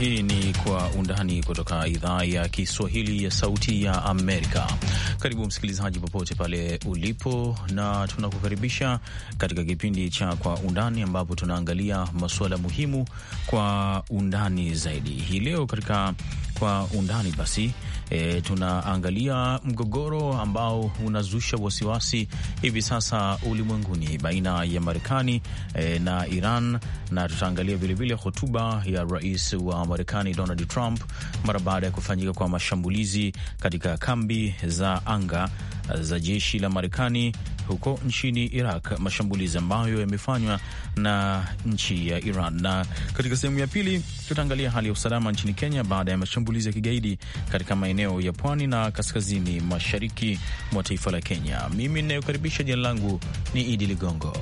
Hii ni Kwa Undani kutoka idhaa ya Kiswahili ya Sauti ya Amerika. Karibu msikilizaji, popote pale ulipo, na tunakukaribisha katika kipindi cha Kwa Undani ambapo tunaangalia masuala muhimu kwa undani zaidi. Hii leo katika Kwa Undani basi e, tunaangalia mgogoro ambao unazusha wasiwasi hivi sasa ulimwenguni baina ya Marekani e, na Iran, na tutaangalia vilevile hotuba ya rais wa Marekani Donald Trump mara baada ya kufanyika kwa mashambulizi katika kambi za anga za jeshi la Marekani huko nchini Iraq, mashambulizi ambayo yamefanywa na nchi ya Iran. Na katika sehemu ya pili tutaangalia hali ya usalama nchini Kenya baada ya mashambulizi ya kigaidi katika maeneo maeneo ya pwani na kaskazini mashariki mwa taifa la Kenya. Mimi ninayokaribisha, jina langu ni Idi Ligongo.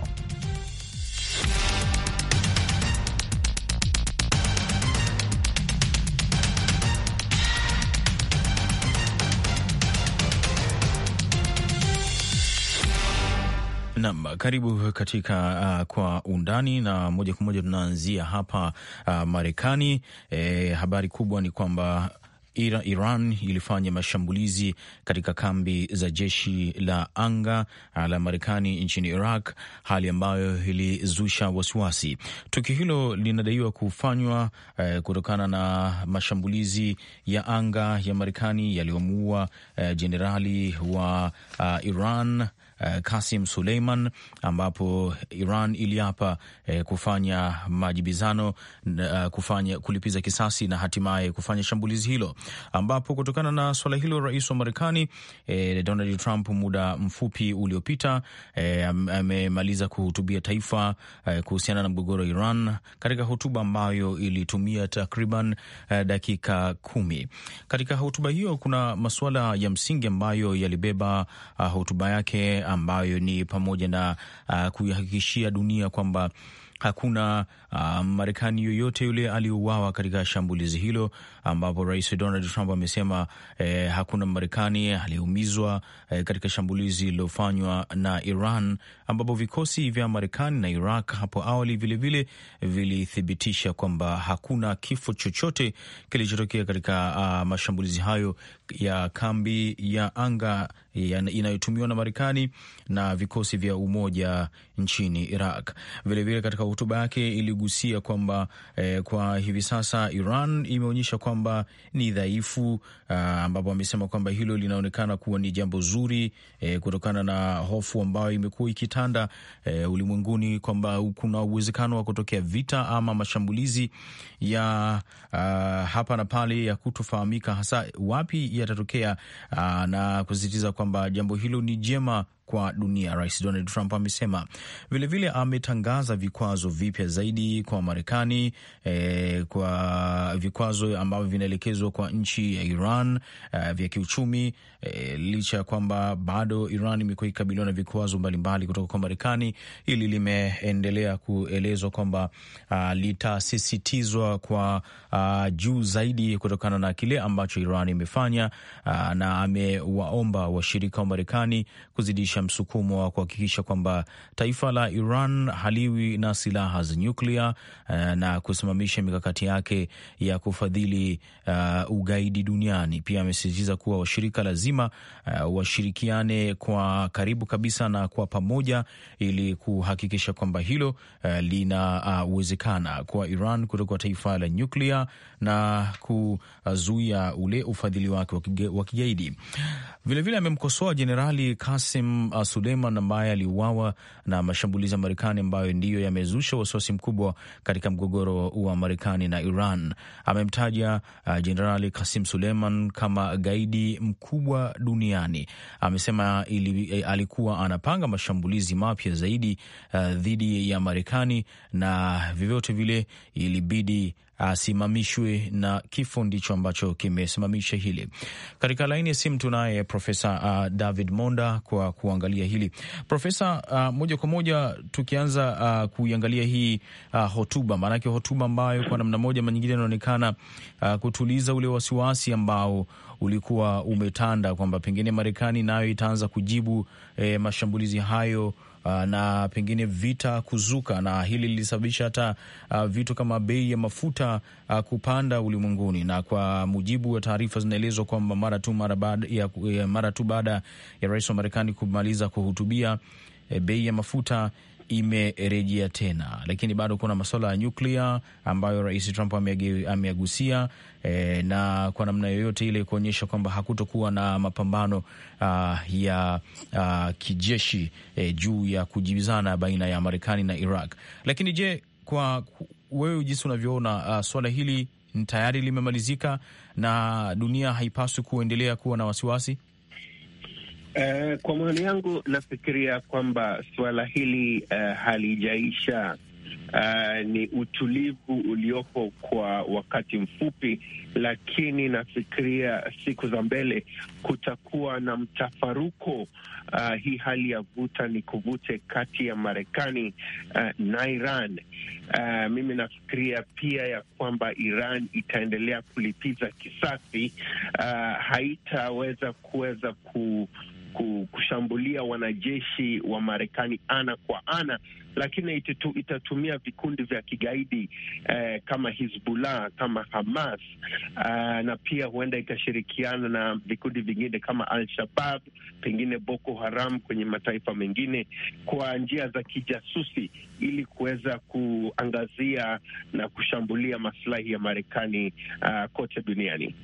Nam, karibu katika uh, kwa undani na moja kwa moja tunaanzia hapa uh, Marekani. E, habari kubwa ni kwamba Iran ilifanya mashambulizi katika kambi za jeshi la anga ah, la Marekani nchini Iraq, hali ambayo ilizusha wasiwasi. Tukio hilo linadaiwa kufanywa eh, kutokana na mashambulizi ya anga ya Marekani yaliyomuua eh, jenerali eh, wa uh, Iran Eh, Kasim Suleiman, ambapo Iran iliapa eh, kufanya majibizano uh, kufanya kulipiza kisasi na hatimaye kufanya shambulizi hilo, ambapo kutokana na swala hilo rais wa Marekani Donald Trump muda mfupi uliopita amemaliza kuhutubia taifa kuhusiana na mgogoro wa Iran katika hotuba ambayo ilitumia takriban dakika kumi. Katika hotuba hiyo kuna masuala ya msingi ambayo yalibeba ah, hotuba yake ambayo ni pamoja na uh, kuihakikishia dunia kwamba hakuna uh, Marekani yoyote yule aliyouawa katika shambulizi hilo, ambapo Rais Donald Trump amesema eh, hakuna Marekani aliyeumizwa eh, katika shambulizi lililofanywa na Iran, ambapo vikosi vya Marekani na Iraq hapo awali vilevile vilithibitisha kwamba hakuna kifo chochote kilichotokea katika uh, mashambulizi hayo ya kambi ya anga inayotumiwa na Marekani na vikosi vya umoja nchini Iraq. Vilevile katika hotuba yake iligusia kwamba eh, kwa hivi sasa Iran imeonyesha kwamba ni dhaifu, ah, ambapo amesema kwamba hilo linaonekana kuwa ni jambo zuri eh, kutokana na hofu ambayo imekuwa ikitanda eh, ulimwenguni kwamba kuna uwezekano wa kutokea vita ama mashambulizi ya ah, hapa na pale ya kutofahamika hasa wapi yatatokea, na kusisitiza kwamba jambo hilo ni jema kwa dunia, Rais Donald Trump amesema. Vilevile ametangaza vikwazo vipya zaidi kwa Marekani eh, kwa vikwazo ambavyo vinaelekezwa kwa nchi ya Iran eh, vya kiuchumi eh, licha ya kwamba bado Iran imekuwa ikikabiliwa na vikwazo mbalimbali kutoka kwa Marekani. Hili limeendelea kuelezwa kwamba uh, litasisitizwa kwa uh, juu zaidi kutokana na kile ambacho Iran imefanya uh, na amewaomba washirika wa Marekani kuzidisha kuanzisha msukumo wa kuhakikisha kwamba taifa la Iran haliwi na silaha za nyuklia eh, na kusimamisha mikakati yake ya kufadhili uh, ugaidi duniani. Pia amesisitiza kuwa washirika lazima uh, washirikiane kwa karibu kabisa na kwa pamoja ili kuhakikisha kwamba hilo uh, linawezekana ah, uh, kwa Iran kutoka taifa la nyuklia na kuzuia ule ufadhili wake wa kigaidi. Vilevile amemkosoa Jenerali Kasim Suleiman ambaye aliuawa na mashambulizi ya Marekani ambayo ndiyo yamezusha wasiwasi mkubwa katika mgogoro wa Marekani na Iran. Amemtaja uh, Jenerali Kasim Suleiman kama gaidi mkubwa duniani. Amesema ili, eh, alikuwa anapanga mashambulizi mapya zaidi uh, dhidi ya Marekani na vyovyote vile ilibidi asimamishwe, na kifo ndicho ambacho kimesimamisha hili. Katika laini ya simu tunaye Profesa uh, David Monda kwa kuangalia hili. Profesa, uh, moja kwa moja tukianza uh, kuiangalia hii uh, hotuba, maanake hotuba ambayo kwa namna moja manyingine nyingine inaonekana uh, kutuliza ule wasiwasi ambao ulikuwa umetanda kwamba pengine Marekani nayo itaanza kujibu eh, mashambulizi hayo uh, na pengine vita kuzuka, na hili lilisababisha hata uh, vitu kama bei ya mafuta uh, kupanda ulimwenguni. Na kwa mujibu wa taarifa zinaelezwa kwamba mara tu mara baada ya, ya, eh, mara tu baada ya rais wa Marekani kumaliza kuhutubia eh, bei ya mafuta imerejea tena, lakini bado kuna masuala ya nyuklia ambayo Rais Trump ameagusia e, na kwa namna yoyote ile kuonyesha kwamba hakutokuwa na mapambano uh, ya uh, kijeshi e, juu ya kujibizana baina ya Marekani na Iraq. Lakini je, kwa wewe jinsi unavyoona uh, suala hili tayari limemalizika na dunia haipaswi kuendelea kuwa na wasiwasi? Eh, kwa maoni yangu nafikiria kwamba suala hili eh, halijaisha. Uh, ni utulivu uliopo kwa wakati mfupi, lakini nafikiria siku za mbele kutakuwa na mtafaruko. Uh, hii hali ya vuta ni kuvute kati ya Marekani uh, na Iran. Uh, mimi nafikiria pia ya kwamba Iran itaendelea kulipiza kisasi. Uh, haitaweza kuweza ku kushambulia wanajeshi wa Marekani ana kwa ana lakini ititu, itatumia vikundi vya kigaidi eh, kama Hizbullah kama Hamas eh, na pia huenda ikashirikiana na vikundi vingine kama Al-Shabab pengine Boko Haram kwenye mataifa mengine kwa njia za kijasusi ili kuweza kuangazia na kushambulia masilahi ya Marekani uh, kote duniani.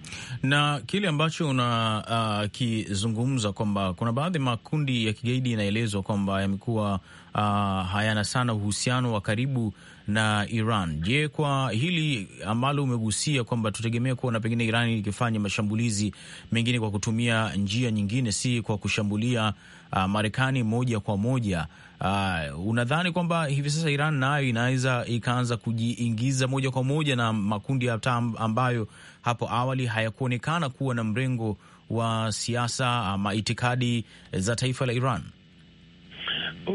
Na kile ambacho unakizungumza eh, uh, kwamba kuna baadhi ya makundi ya kigaidi yanaelezwa kwamba yamekuwa uh, hayana sana uhusiano wa karibu na Iran. Je, kwa hili ambalo umegusia kwamba tutegemea kuona pengine Iran ikifanya mashambulizi mengine kwa kutumia njia nyingine, si kwa kushambulia uh, Marekani moja kwa moja, uh, unadhani kwamba hivi sasa Iran nayo inaweza ikaanza kujiingiza moja kwa moja na makundi hata ambayo hapo awali hayakuonekana kuwa na mrengo wa siasa ama itikadi za taifa la Iran?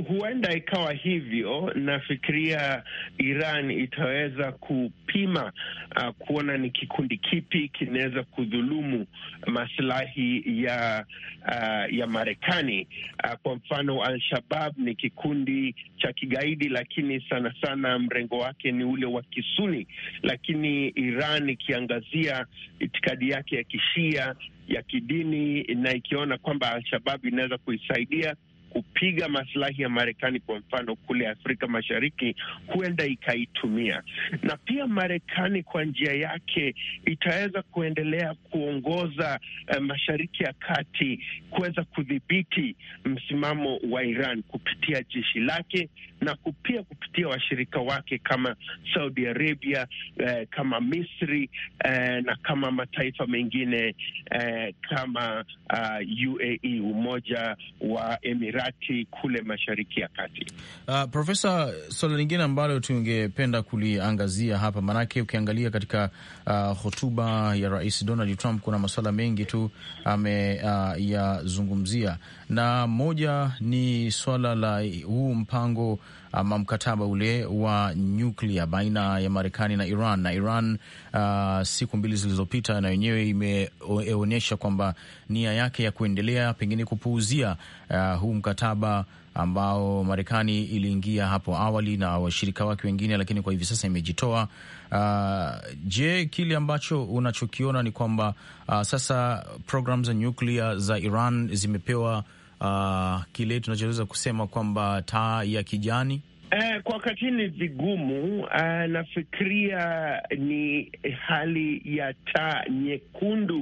Huenda ikawa hivyo. Nafikiria Iran itaweza kupima uh, kuona ni kikundi kipi kinaweza kudhulumu masilahi ya uh, ya Marekani. Uh, kwa mfano Al-Shabab ni kikundi cha kigaidi, lakini sana sana mrengo wake ni ule wa Kisuni, lakini Iran ikiangazia itikadi yake ya Kishia ya kidini na ikiona kwamba Al-Shabab inaweza kuisaidia kupiga masilahi ya Marekani, kwa mfano kule Afrika Mashariki, huenda ikaitumia. Na pia Marekani kwa njia yake itaweza kuendelea kuongoza uh, Mashariki ya Kati kuweza kudhibiti msimamo wa Iran kupitia jeshi lake na pia kupitia washirika wake kama Saudi Arabia, uh, kama Misri uh, na kama mataifa mengine uh, kama uh, ah, UAE, Umoja wa Emirati kati kule mashariki ya kati. Uh, Profesa, suala lingine ambalo tungependa kuliangazia hapa, maanake ukiangalia katika uh, hotuba ya Rais Donald Trump kuna masuala mengi tu ameyazungumzia, uh, na moja ni swala la huu mpango ama mkataba ule wa nyuklia baina ya Marekani na Iran na Iran uh, siku mbili zilizopita na wenyewe imeonyesha kwamba nia yake ya kuendelea pengine kupuuzia uh, huu mkataba ambao Marekani iliingia hapo awali na washirika wake wengine, lakini kwa hivi sasa imejitoa. Uh, je, kile ambacho unachokiona ni kwamba uh, sasa programu za nyuklia za Iran zimepewa uh, kile tunachoweza kusema kwamba taa ya kijani eh, kwa wakati ni vigumu. Uh, nafikiria ni hali ya taa nyekundu.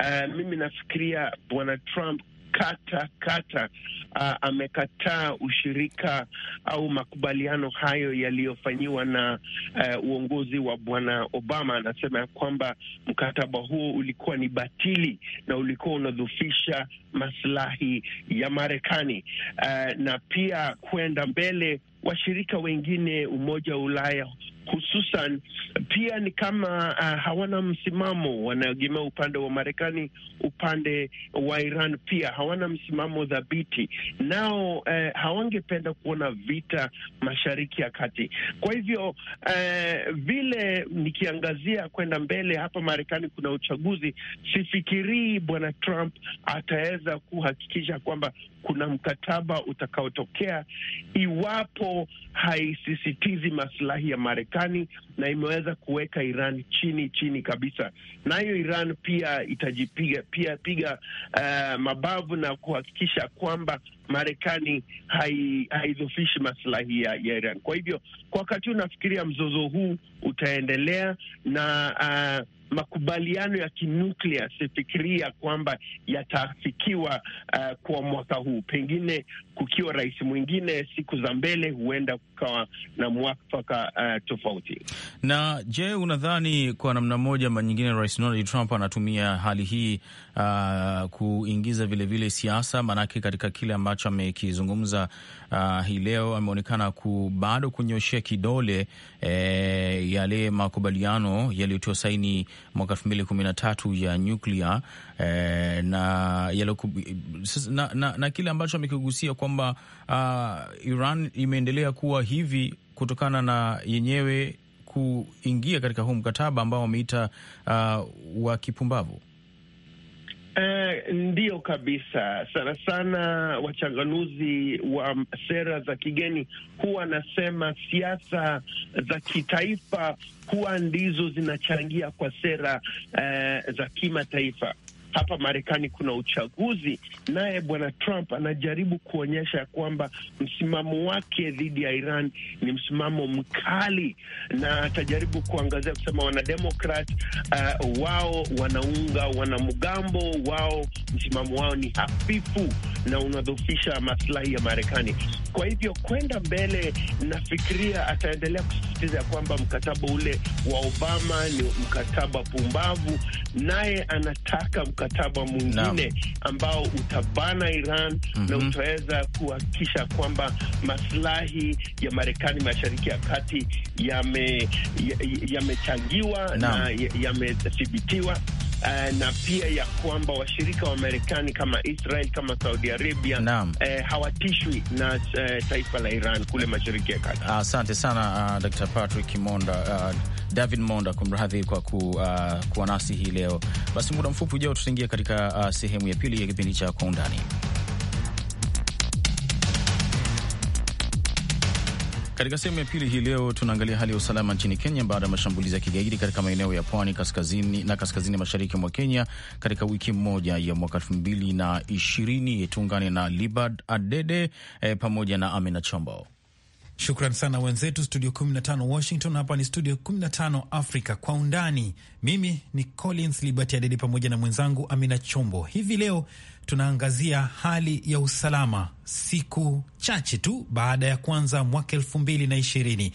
Uh, mimi nafikiria bwana Trump kata kata uh, amekataa ushirika au makubaliano hayo yaliyofanyiwa na uh, uongozi wa bwana Obama. Anasema ya kwamba mkataba huo ulikuwa ni batili na ulikuwa unadhufisha maslahi ya Marekani uh, na pia kwenda mbele washirika wengine Umoja wa Ulaya hususan pia ni kama uh, hawana msimamo, wanaegemea upande wa Marekani, upande wa Iran pia hawana msimamo dhabiti nao, uh, hawangependa kuona vita mashariki ya kati. Kwa hivyo uh, vile nikiangazia kwenda mbele hapa Marekani kuna uchaguzi, sifikirii bwana Trump ataweza kuhakikisha kwamba kuna mkataba utakaotokea iwapo haisisitizi masilahi ya Marekani na imeweza kuweka Iran chini chini kabisa, nayo Iran pia itajipiga pia piga uh, mabavu na kuhakikisha kwamba Marekani haidhofishi masilahi ya, ya Iran. Kwa hivyo kwa wakati huu nafikiria mzozo huu utaendelea na uh, makubaliano ya kinuklia sifikiria kwamba yatafikiwa uh, kwa mwaka huu, pengine kukiwa rais mwingine siku za mbele, huenda kukawa na mwafaka uh, tofauti. Na je, unadhani kwa namna moja ama nyingine Rais Donald Trump anatumia hali hii uh, kuingiza vilevile siasa? Maanake katika kile ambacho amekizungumza uh, hii leo ameonekana bado kunyoshea kidole eh, yale makubaliano yaliyotiwa saini mwaka elfu mbili kumi na tatu ya nyuklia na, na, na, na, na kile ambacho amekigusia kwamba uh, Iran imeendelea kuwa hivi kutokana na yenyewe kuingia katika huu mkataba ambao wameita uh, wa kipumbavu. Uh, ndiyo kabisa. Sana sana wachanganuzi wa sera za kigeni huwa anasema siasa za kitaifa huwa ndizo zinachangia kwa sera uh, za kimataifa hapa Marekani kuna uchaguzi, naye bwana Trump anajaribu kuonyesha kwamba msimamo wake dhidi ya Iran ni msimamo mkali, na atajaribu kuangazia kusema wanademokrat uh, wao wanaunga wanamgambo wao, msimamo wao ni hafifu na unadhofisha maslahi ya Marekani. Kwa hivyo kwenda mbele, nafikiria ataendelea kusisitiza ya kwamba mkataba ule wa Obama ni mkataba pumbavu, naye anataka mkataba mkataba mwingine ambao utabana Iran mm -hmm. na mhm. utaweza kuhakikisha kwamba maslahi ya Marekani mashariki ya kati yamechangiwa ya, ya na yamethibitiwa ya Uh, eh, na pia ya kwamba washirika wa Marekani kama Israel kama Saudi Arabia uh, hawatishwi na uh, taifa la Iran kule mashariki ya kati. Asante uh, sana uh, Dr. Patrick Monda uh, ah, David Monda, kumradhi kwa ku, uh, kuwa nasi hii leo. Basi muda mfupi ujao tutaingia katika uh, sehemu ya pili ya kipindi cha Kwa Undani. Katika sehemu ya pili hii leo tunaangalia hali ya usalama nchini Kenya baada ya mashambulizi ya kigaidi katika maeneo ya pwani kaskazini na kaskazini mashariki mwa Kenya katika wiki moja ya mwaka elfu mbili na ishirini. Tuungane na Libad Adede eh, pamoja na Amina Chombo. Shukran sana wenzetu studio 15 Washington. Hapa ni studio 15 Afrika kwa undani. Mimi ni Collins Liberty Adede pamoja na mwenzangu Amina Chombo. Hivi leo tunaangazia hali ya usalama siku chache tu baada ya kuanza mwaka elfu mbili na ishirini.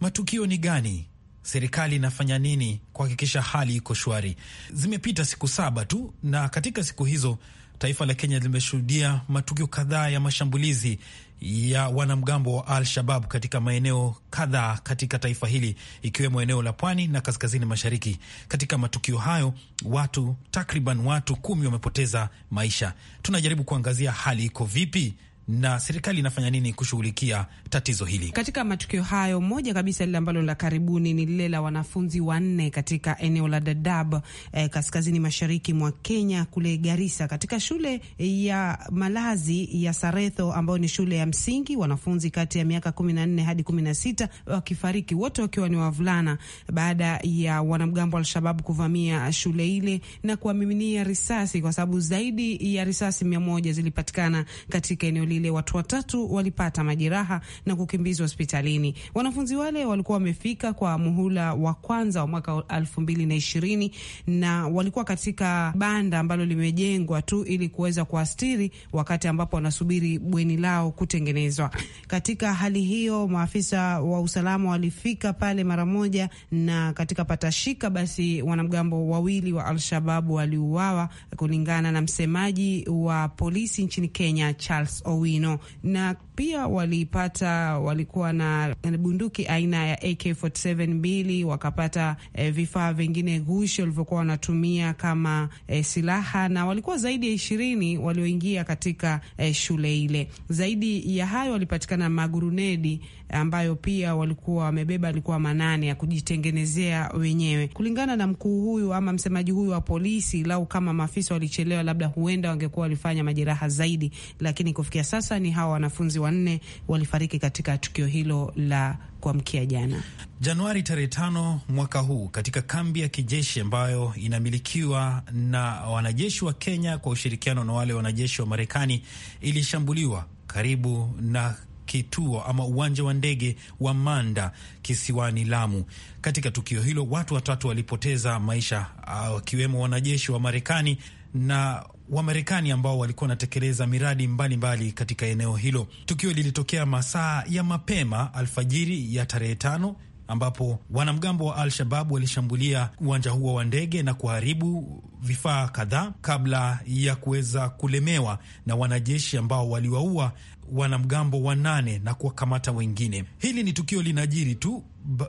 Matukio ni gani? Serikali inafanya nini kuhakikisha hali iko shwari? Zimepita siku saba tu, na katika siku hizo taifa la Kenya limeshuhudia matukio kadhaa ya mashambulizi ya wanamgambo wa Al-Shabab katika maeneo kadhaa katika taifa hili ikiwemo eneo la pwani na kaskazini mashariki. Katika matukio hayo, watu takriban watu kumi wamepoteza maisha. Tunajaribu kuangazia hali iko vipi na serikali inafanya nini kushughulikia tatizo hili? Katika matukio hayo, moja kabisa lile ambalo la karibuni ni lile la wanafunzi wanne katika eneo la Dadaab eh, kaskazini mashariki mwa Kenya kule Garissa, katika shule ya malazi ya Saretho ambayo ni shule ya msingi, wanafunzi kati ya miaka kumi na nne hadi kumi na sita wakifariki wote wakiwa ni wavulana, baada ya wanamgambo wa Alshabab kuvamia shule ile na kuwamiminia risasi, kwa sababu zaidi ya risasi mia moja zilipatikana katika eneo lile watu watatu walipata majeraha na kukimbizwa hospitalini. Wanafunzi wale walikuwa wamefika kwa muhula wa kwanza wa mwaka elfu mbili na ishirini na walikuwa katika banda ambalo limejengwa tu ili kuweza kuastiri wakati ambapo wanasubiri bweni lao kutengenezwa. Katika hali hiyo, maafisa wa usalama walifika pale mara moja, na katika patashika basi wanamgambo wawili wa Alshababu waliuawa kulingana na msemaji wa polisi nchini Kenya Charles O Owino, na pia walipata walikuwa na bunduki aina ya AK47 mbili, wakapata eh, vifaa vingine gushi walivyokuwa wanatumia kama eh, silaha, na walikuwa zaidi ya ishirini walioingia katika eh, shule ile. Zaidi ya hayo walipatikana magurunedi ambayo pia walikuwa wamebeba, alikuwa manane ya kujitengenezea wenyewe, kulingana na mkuu huyu ama msemaji huyu wa polisi. Lau kama maafisa walichelewa, labda huenda wangekuwa walifanya majeraha zaidi, lakini kufikia sasa ni hawa wanafunzi wanne walifariki katika tukio hilo la kuamkia jana Januari tarehe tano mwaka huu katika kambi ya kijeshi ambayo inamilikiwa na wanajeshi wa Kenya kwa ushirikiano na wale wanajeshi wa Marekani ilishambuliwa karibu na kituo ama uwanja wa ndege wa Manda kisiwani Lamu. Katika tukio hilo watu watatu walipoteza maisha ah, wakiwemo wanajeshi wa Marekani na Wamarekani ambao walikuwa wanatekeleza miradi mbalimbali mbali katika eneo hilo. Tukio lilitokea masaa ya mapema alfajiri ya tarehe tano ambapo wanamgambo wa Al-Shabab walishambulia uwanja huo wa ndege na kuharibu vifaa kadhaa kabla ya kuweza kulemewa na wanajeshi ambao waliwaua wanamgambo wanane na kuwakamata wengine. Hili ni tukio linajiri tu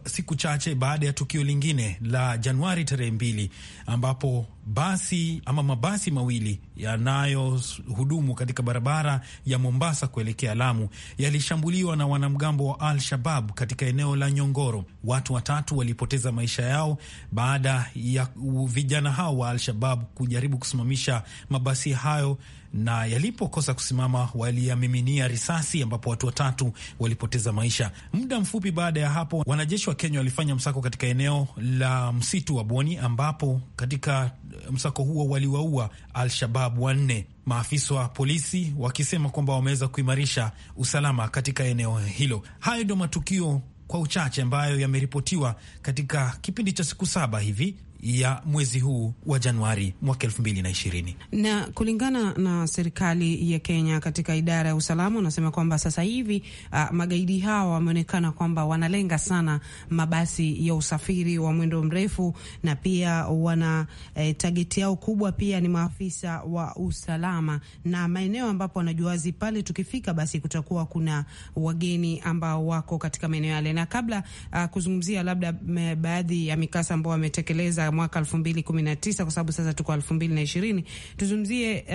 siku chache baada ya tukio lingine la Januari tarehe mbili ambapo basi ama mabasi mawili yanayohudumu katika barabara ya Mombasa kuelekea Lamu yalishambuliwa na wanamgambo wa Al Shabab katika eneo la Nyongoro. Watu watatu walipoteza maisha yao baada ya vijana hao wa Al Shabab shabab kujaribu kusimamisha mabasi hayo, na yalipokosa kusimama waliyamiminia risasi, ambapo watu watatu walipoteza maisha. Muda mfupi baada ya hapo, wanajeshi wa Kenya walifanya msako katika eneo la msitu wa Boni, ambapo katika eh, msako huo waliwaua Al-Shabab wanne maafisa wa polisi wakisema kwamba wameweza kuimarisha usalama katika eneo hilo. Hayo ndio matukio kwa uchache ambayo yameripotiwa katika kipindi cha siku saba hivi ya mwezi huu wa Januari mwaka elfu mbili na ishirini. Na kulingana na serikali ya Kenya katika idara ya usalama wanasema kwamba sasa hivi uh, magaidi hawa wameonekana kwamba wanalenga sana mabasi ya usafiri wa mwendo mrefu na pia wana eh, tageti yao kubwa pia ni maafisa wa usalama na maeneo ambapo wanajuazi pale, tukifika basi kutakuwa kuna wageni ambao wako katika maeneo yale, na kabla uh, kuzungumzia labda eh, baadhi ya mikasa ambao wametekeleza mwaka 2019 kwa sababu sasa tuko 2020, tuzungumzie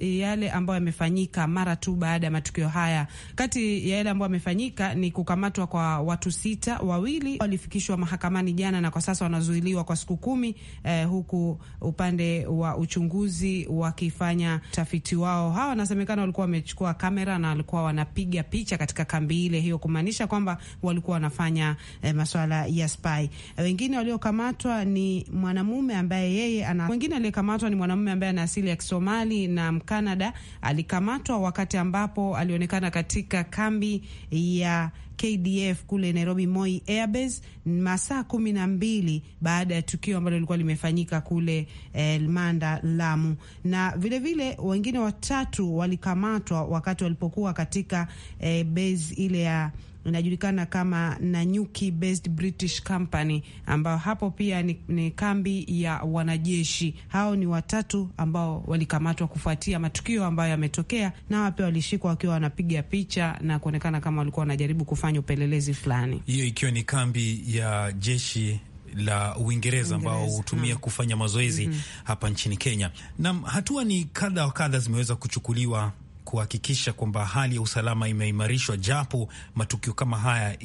uh, yale ambayo yamefanyika mara tu baada ya matukio haya. Kati ya yale ambayo yamefanyika ni kukamatwa kwa watu sita, wawili walifikishwa mahakamani jana na kwa sasa wanazuiliwa kwa siku kumi, eh, huku upande wa uchunguzi wakifanya tafiti wao. Hawa wanasemekana walikuwa wamechukua kamera na walikuwa wanapiga picha katika kambi ile hiyo, kumaanisha kwamba walikuwa wanafanya eh, masuala ya spy. Wengine waliokamatwa ni mwanamume ambaye yeye ana mwingine aliyekamatwa ni mwanamume ambaye ana asili ya Kisomali na Mkanada. Alikamatwa wakati ambapo alionekana katika kambi ya KDF kule Nairobi Moi Airbase masaa kumi na mbili baada ya tukio ambalo lilikuwa limefanyika kule Elmanda eh, Lamu, na vilevile vile, wengine watatu walikamatwa wakati walipokuwa katika eh, base ile ya inajulikana kama Nanyuki Based British Company, ambayo hapo pia ni, ni kambi ya wanajeshi. Hao ni watatu ambao walikamatwa kufuatia matukio ambayo yametokea, na hawa pia walishikwa wakiwa wanapiga picha na kuonekana kama walikuwa wanajaribu kufanya upelelezi fulani, hiyo ikiwa ni kambi ya jeshi la Uingereza ambao hutumia kufanya mazoezi mm -hmm. hapa nchini Kenya. Naam, hatua ni kadha wa kadha zimeweza kuchukuliwa kuhakikisha kwamba hali ya usalama imeimarishwa, japo matukio kama haya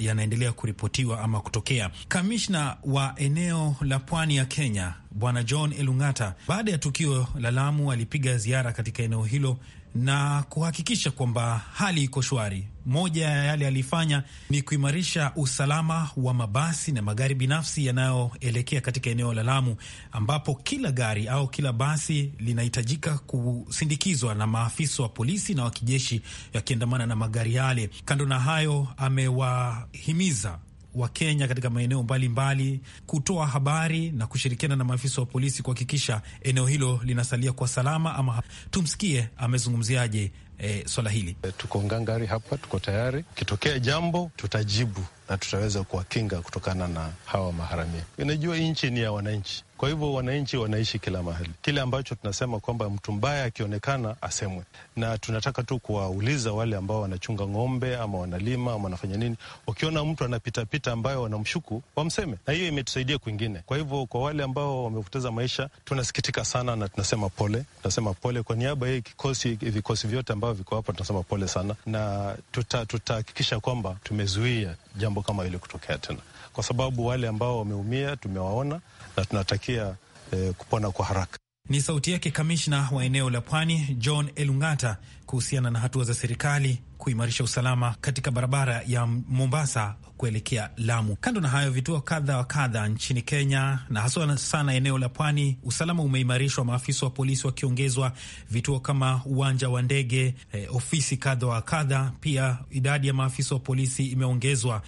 yanaendelea ya, ya kuripotiwa ama kutokea. Kamishna wa eneo la pwani ya Kenya Bwana John Elung'ata, baada ya tukio la Lamu, alipiga ziara katika eneo hilo na kuhakikisha kwamba hali iko shwari moja ya yale alifanya ni kuimarisha usalama wa mabasi na magari binafsi yanayoelekea katika eneo la Lamu, ambapo kila gari au kila basi linahitajika kusindikizwa na maafisa wa polisi na wa kijeshi yakiandamana na magari yale. Kando na hayo, amewahimiza Wakenya katika maeneo mbalimbali kutoa habari na kushirikiana na maafisa wa polisi kuhakikisha eneo hilo linasalia kwa salama. Ama tumsikie amezungumziaje eh, swala hili. Tuko ngangari hapa, tuko tayari, kitokea jambo tutajibu na tutaweza kuwakinga kutokana na hawa maharamia. Unajua, nchi ni ya wananchi, kwa hivyo wananchi wanaishi kila mahali. Kile ambacho tunasema kwamba mtu mbaya akionekana asemwe, na tunataka tu kuwauliza wale ambao wanachunga ng'ombe ama wanalima ama wanafanya nini, wakiona mtu anapitapita ambayo wanamshuku wamseme, na hiyo imetusaidia kwingine. Kwa hivyo kwa wale ambao wamepoteza maisha, tunasikitika sana na tunasema pole, tunasema pole kwa niaba ya kikosi, vikosi vyote ambavyo viko hapa, tunasema pole sana na tutahakikisha tuta kwamba tumezuia jambo kama hili kutokea tena, kwa sababu wale ambao wameumia tumewaona na tunatakia eh, kupona kwa haraka. Ni sauti yake kamishna wa eneo la Pwani John Elungata kuhusiana na hatua za serikali kuimarisha usalama katika barabara ya Mombasa kuelekea Lamu. Kando na hayo, vituo kadha wa kadha nchini Kenya na haswa sana eneo la pwani, usalama umeimarishwa, maafisa wa polisi wakiongezwa vituo kama uwanja wa ndege, eh, ofisi kadha wa kadha. Pia idadi ya maafisa wa polisi imeongezwa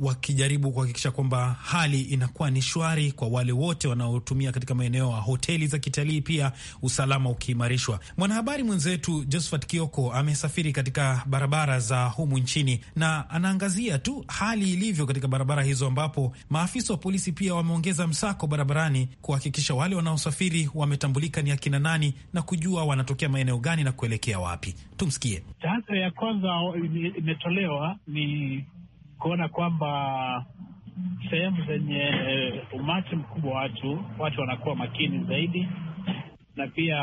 wakijaribu kuhakikisha kwamba hali inakuwa ni shwari kwa wale wote wanaotumia katika maeneo ya hoteli za kitalii, pia usalama ukiimarishwa. Mwanahabari mwenzetu Josephat Kio Kioko amesafiri katika barabara za humu nchini na anaangazia tu hali ilivyo katika barabara hizo, ambapo maafisa wa polisi pia wameongeza msako barabarani kuhakikisha wale wanaosafiri wametambulika ni akina nani na kujua wanatokea maeneo gani na kuelekea wapi. Tumsikie. Chanzo ya kwanza imetolewa ni kuona kwamba sehemu zenye eh, umati mkubwa wa watu watu wanakuwa makini zaidi, na pia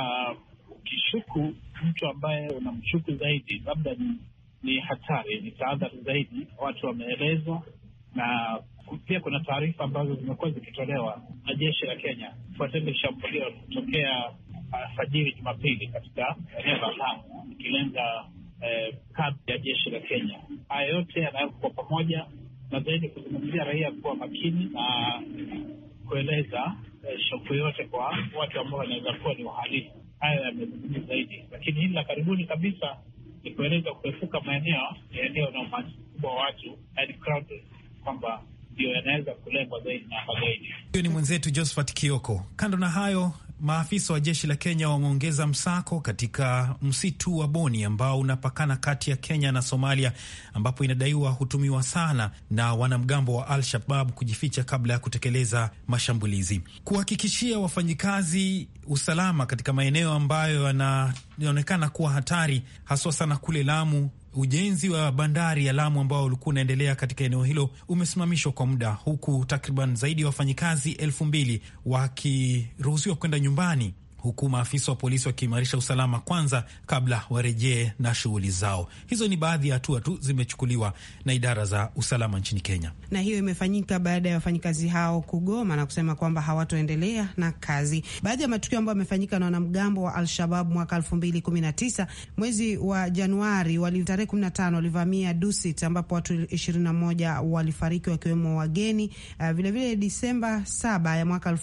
ukishuku mtu ambaye unamshuku zaidi, labda ni, ni hatari, ni tahadhari zaidi, watu wameelezwa na pia kuna taarifa ambazo zimekuwa zikitolewa na jeshi la Kenya kufuatia shambulio kutokea uh, alfajiri uh, Jumapili katika eneo la Lamu ikilenga eh, kambi ya jeshi la Kenya. Haya yote yanawekwa kwa pamoja na zaidi kuzungumzia raia kuwa makini na kueleza eh, shauku yote kwa watu ambao wanaweza kuwa ni wahalifu hayo yamezidi zaidi, lakini hili la karibuni kabisa ni kueleza kuefuka maeneo yaliyo na umati mkubwa wa watu, yani crowded, kwamba ndio yanaweza kulengwa zaidi na magaidi. Huyo ni mwenzetu Josephat Kioko. Kando na hayo Maafisa wa jeshi la Kenya wameongeza msako katika msitu wa Boni ambao unapakana kati ya Kenya na Somalia, ambapo inadaiwa hutumiwa sana na wanamgambo wa Al-Shabab kujificha kabla ya kutekeleza mashambulizi, kuhakikishia wafanyikazi usalama katika maeneo ambayo yanaonekana kuwa hatari, haswa sana kule Lamu, Ujenzi wa bandari ya Lamu ambao ulikuwa unaendelea katika eneo hilo umesimamishwa kwa muda, huku takriban zaidi ya wafanyikazi elfu mbili wakiruhusiwa kwenda nyumbani huku maafisa wa polisi wakiimarisha usalama kwanza kabla warejee na shughuli zao. Hizo ni baadhi ya hatua tu zimechukuliwa na idara za usalama nchini Kenya, na hiyo imefanyika baada ya wafanyikazi hao kugoma na kusema kwamba hawatoendelea na kazi. Baadhi ya matukio ambayo yamefanyika na wanamgambo wa mbili kumi na tisa mwezi wa Januari tarehe tano walivamia Dusit ambapo watu moja walifariki wakiwemo wageni. Vilevile uh, vile Disemba saba ya mwaka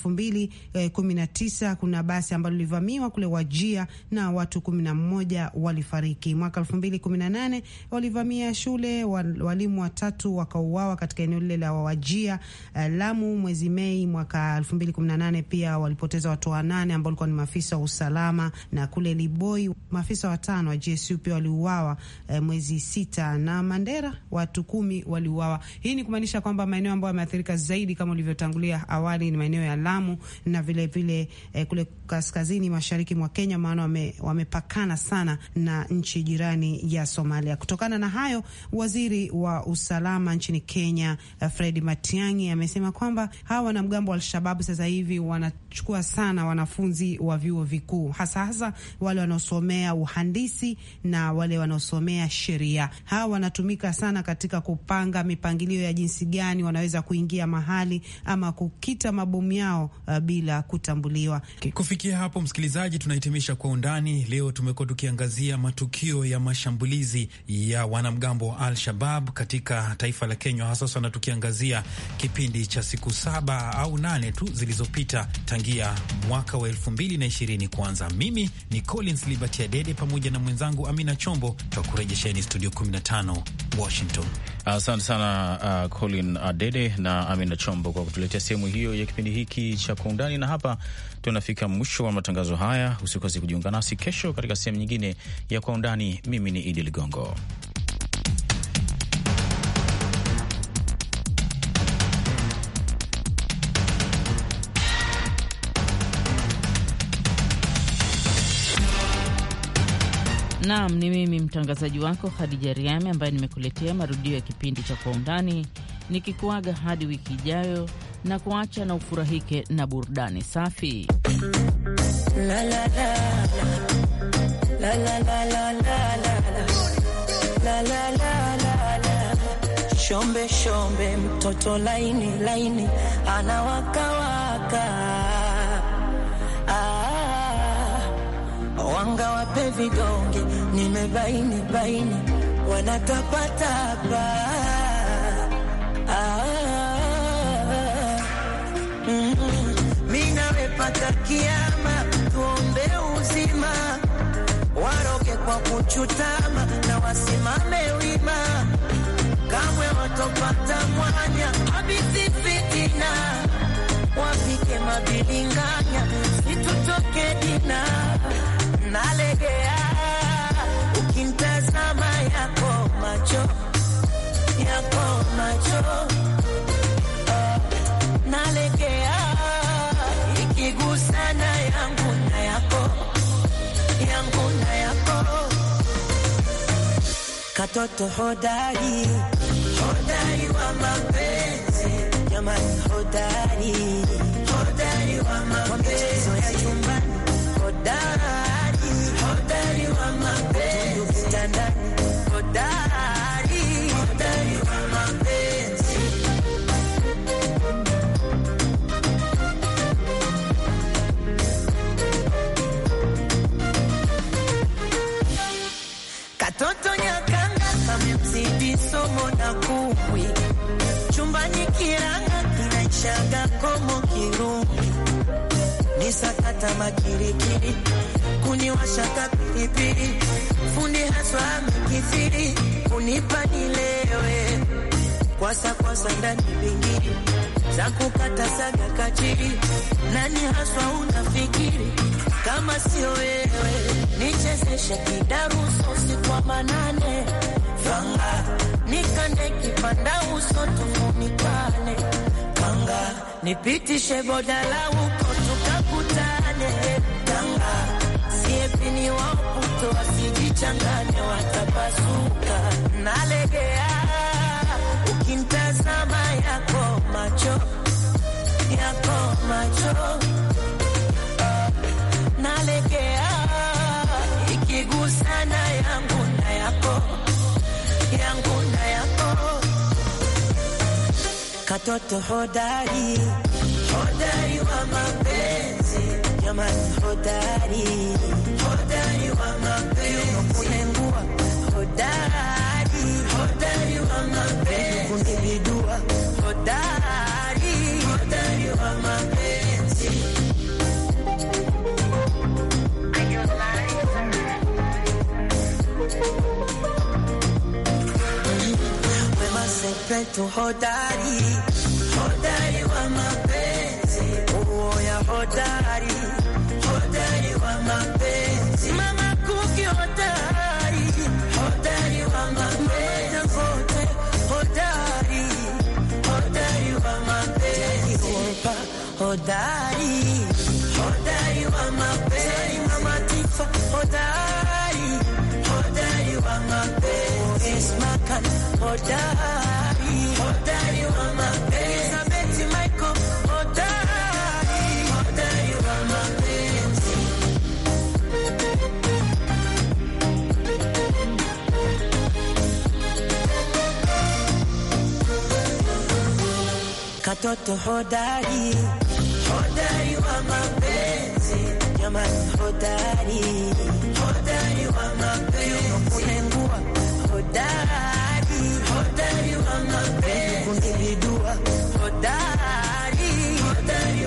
eh, tisa kuna basi ambalo walivamiwa kule Wajia na watu kumi na mmoja walifariki. Mwaka elfu mbili kumi na nane walivamia shule, walimu watatu wakauawa katika eneo lile la Wajia eh, Lamu. Mwezi Mei mwaka elfu mbili kumi na nane pia walipoteza watu wanane ambao walikuwa ni maafisa wa usalama, na kule Liboi maafisa watano wa GSU pia waliuawa eh, mwezi sita, na Mandera watu kumi waliuawa. Hii ni kumaanisha kwamba maeneo ambayo yameathirika zaidi kama ulivyotangulia awali ni maeneo ya Lamu na vilevile vile, eh, kule kaskazini kaskazini mashariki mwa Kenya, maana wame, wamepakana sana na nchi jirani ya Somalia. Kutokana na hayo, waziri wa usalama nchini Kenya eh, Fred Matiang'i amesema kwamba hawa wanamgambo wa Alshababu sasa hivi wanachukua sana wanafunzi wa vyuo vikuu, hasa hasa wale wanaosomea uhandisi na wale wanaosomea sheria. Hawa wanatumika sana katika kupanga mipangilio ya jinsi gani wanaweza kuingia mahali ama kukita mabomu yao uh, bila kutambuliwa. Kufikia hapo, msikilizaji, tunahitimisha kwa undani leo. Tumekuwa tukiangazia matukio ya mashambulizi ya wanamgambo wa Al-Shabab katika taifa la Kenya, hasa sana tukiangazia kipindi cha siku saba au nane tu zilizopita tangia mwaka wa elfu mbili na ishirini kwanza. Mimi ni Collins Liberty Adede pamoja na mwenzangu Amina Chombo, twakurejesheni studio 15 Washington. Asante uh, sana uh, Colin Adede na Amina Chombo kwa kutuletea sehemu hiyo ya kipindi hiki cha kwa undani na hapa tunafika mwisho wa matangazo haya. Usikose kujiunga nasi kesho katika sehemu nyingine ya Kwa Undani. Mimi ni Idi Ligongo. Naam, ni mimi mtangazaji wako Hadija Riame ambaye nimekuletea marudio ya kipindi cha Kwa Undani, nikikuaga hadi wiki ijayo na kuacha na ufurahike na burudani safi la, la, la, la, Shombe shombe mtoto laini laini anawakawaka ah, wanga wape vidonge nimebaini baini wanatapatapa mpaka kiama, tuombe uzima, waroke kwa kuchutama na wasimame wima, kamwe watopata mwanya abisi fitina, wapike mabilinganya, situtoke dina nalegea ukintazama yako macho yako macho uh, nalegea tukigusana, yangu na yako, katoto hodari, hodari wa mapenzi, jamani, hodari, hodari wa mapenzi ya chumbani, hodari, hodari wa mapenzi, kitandani, hodari kunipa kirikiri, kuniwasha kapilipili, fundi haswa amekithiri, kunipa nilewe kwasa kwasa ndani vingiri za kukata saga kachiri, nani haswa unafikiri kama sio wewe? Nichezeshe kidaruso usiku wa manane, panga nikande kipanda uso tufunikane, panga nipitishe bodalau wakichanganya watapasuka. Nalegea Ukintazama yako macho yako macho, nalegea ikigusana yangu na yako yangu na yako, katoto hodari hodari wa mapenzi, jamani hodari hodari wa mapenzi kwetu hodari, hodari wa mapenzi, uoya hodari, hodari wa mapenzi, mama kuki hodari, hodari wa mapenzi, vote hodari, hodari wa mapenzi, opa hodari, hodari wa mapenzi, mama tifa hodari, hodari wa Katoto hodari hodari wa mapenzi, jamani hodari hodari hodari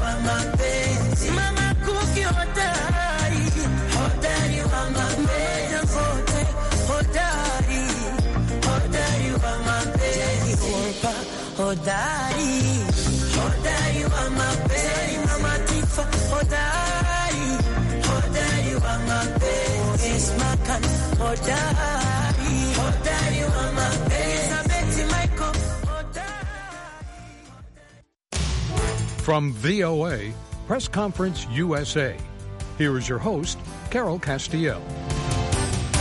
wa mapenzi mama kuki hodari wa matifa wa wa from VOA Press Conference USA here is your host Carol Castiel